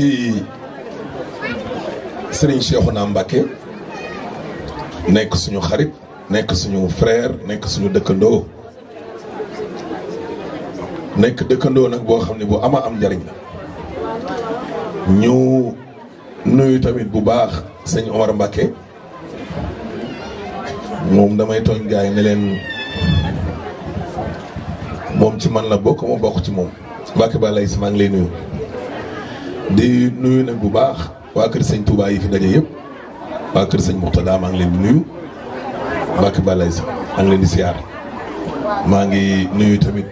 ci Serigne na mbake nek suñu xarit nek suñu frère nek suñu dekkendo nek dekkendo nak bo xamni ama am jariñ la ñu nuyu tamit bu baax serigne Omar mbake mom damay togn gaay ne len mom ci man la bokk mo bokk ci mom balay sama ngi lay nuyu di nuyu nag bu baax waa kër sëñ Touba yi fi daje yëpp waa kër sëñ Mourtada maa ngi leen di nuyu Mbacke Balaye si maa ngi leen di siyaar maa ngi nuyu tamit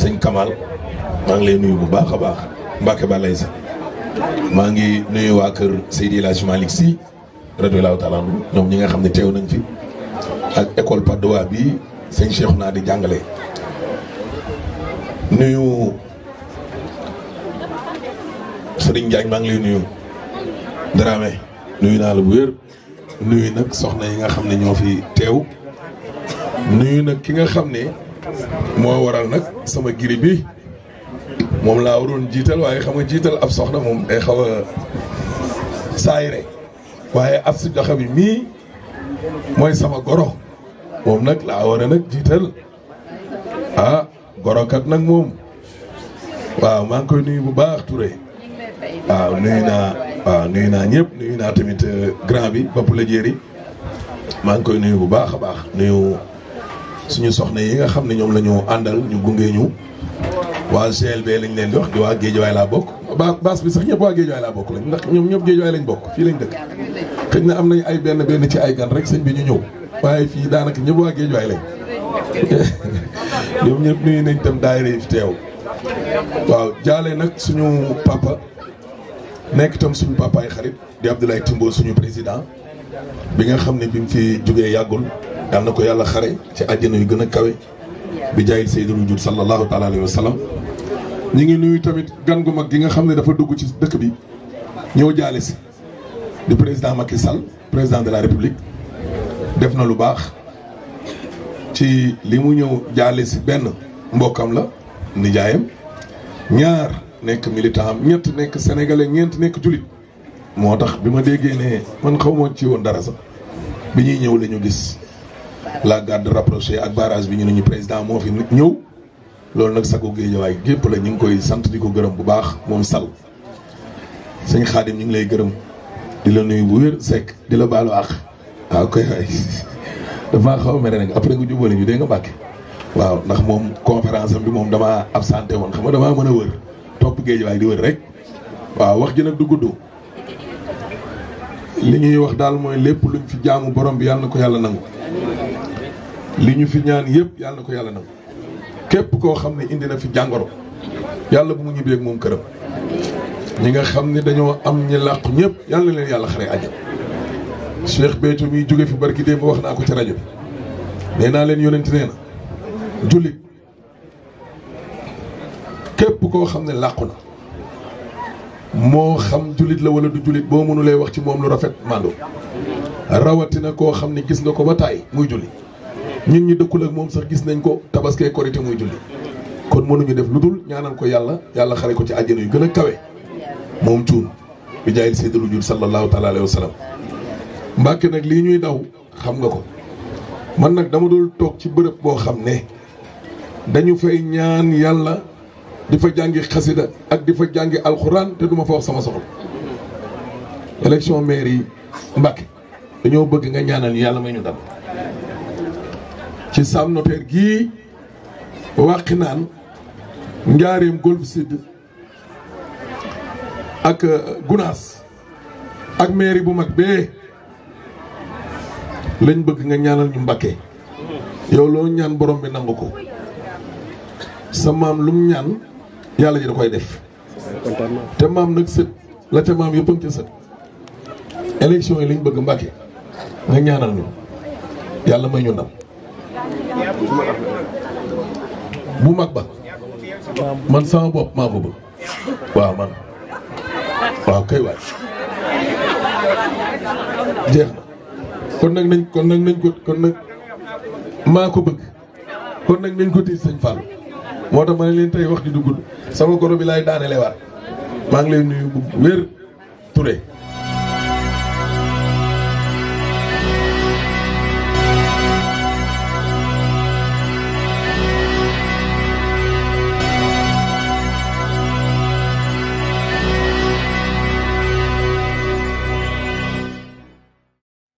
sëñ Kamal maa ngi lay nuyu bu baax a baax Mbacke Balaye si maa ngi nuyu waa kër Seydi El Hadji Malick Sy radiyallahu taala anhu ñoom ñi nga xam ne teew nañ fi ak école Padoa bi sëñ Cheikh naa di jàngale nuyu. Serigne Diagne maa ngi lay nuyu Dramé nuyu naa la bu wér nuyu nag soxna yi nga xam ne ñoo fi teew nuyu nag ki nga xam ne moo waral nag sama giri bi moom laa waroon jiital waaye xam nga jiital ab soxna moom day xaw a saayire waaye as joxe bi mii mooy sama goro moom nag laa war a nag jiital ah gorokat nag moom waaw maa ngi koy nuyu bu baax Touré. waaw nuyu naa waaw nuyu naa ñëpp nuyu naa tamit euh, grand bi bopp la jéeri maa ngi koy nuyu bu baax a baax nuyu suñu soxna yi nga xam ne ñoom la ñu àndal ñu gunge ñu waa GLB lañ leen di wax di waa Géejawaay laa bokk ba baas bi ñëpp waa Géejawaay bokk lañ ndax ñoom ñëpp Géejawaay lañ bokk fii lañ dëkk xëy na am nañ ay benn benn ci ay gan rek sëñ bi ñu ñëw waaye fii daanaka ñëpp waa Géejawaay lañ ñoom ñëpp nuyu nañ tam daayira fi teew waaw jaale nag suñu papa nekk itam suñu papaay xarit di Abdoulaye Timbo suñu président bi nga xam ne bi mu fi jógee yàggul yàlla na ko yàlla xare ci àjjana yu gën a kawe bi jaayil sayyidul wujud sallallahu taala alayhi wa sallam ñu ngi nuyu tamit gan gu mag gi nga xam ne dafa dugg ci dëkk bi ñëw jaale si di président Macky Sall président de la république def na lu baax ci li mu ñëw jaale si benn mbokkam la nijaayam ñaar nekk militant am ñett nekk sénégalais ñeent nekk julit moo tax bi ma déggee ne man xaw ma ci woon dara sax bi ñuy ñëw lañu gis la garde rapprochée ak barrage bi ñu ne ñu président moo fi ñëw loolu nag sago géejawaay gépp la ñu ngi koy sant di ko gërëm bu baax moom sal sëñ xaadim ñu ngi lay gërëm di la nuyu bu wér sekk di la baalu àq waaw koy waay damaa xaw a mere nag après nga jubale ñu dee nga mbàkke waaw ndax moom conférence am bi moom damaa absenté woon xam nga damaa mën a wër topp géej waaye di wër rek waaw wax ji nag du gudd li ñuy wax daal mooy lépp luñ fi jaamu borom bi yàlla na ko yàlla nangu li ñu fi ñaan yëpp yàlla na ko yàlla nangu képp koo xam ne indi na fi jàngoro yàlla bu mu ñibbeek moom këram ñi nga xam ni dañoo am ñi làqu ñëpp yàlla na leen yàlla xare aja Cheikh Béthio mi jóge fi barki démb wax naa ko ci rajo bi nee naa leen yonent nee na jullit képp koo xam ne làqu na moo xam jullit la wala du jullit boo mënulee wax ci moom lu rafet màndu rawatina koo xam ne gis nga ko ba tàyyi muy julli ñun ñi dëkkul ak moom sax gis nañ ko tabaskee korité muy julli kon mënuñu def lu dul ñaanal ko yàlla yàlla xare ko ci àjjana yu gën a kawe moom cuun bi jaayil seydal wujud sallallahu taala alayhi wa sallam mbàkke nag lii ñuy daw xam nga ko man nag dama dul toog ci bërëb boo xam ne dañu fay ñaan yàlla di fa khasida, ak di fa jàngi te duma fa wax sama soxol élection mairie yi dañu bëgg nga ñaanal yalla may ñu dal ci sam notaire gi wax naan njaareem golf sud ak euh, gunas ak mairie bu mag bee lañ bëgg nga ñaanal ñu Mbàkke yow lo ñaan borom bi nanguko sa lum ñaan yàlla ji da koy def te maam nag sët la ca maam yëpp a ngi ca sët élection yi lañ bëgg Mbàkke nga ñaanal ñu yàlla may ñu ndam bu mag ba man sama bopp maa ko bëgg waaw man waaw kay waay jeex na kon nag nañ kon nag nañ ko maa ko bëgg kon nag nañ ko tiit sëñ Fallou moo tax ma ne leen tey wax di duggul sama goro bi laay daanelewaat maa ngi lay nuyu bu wér Touré.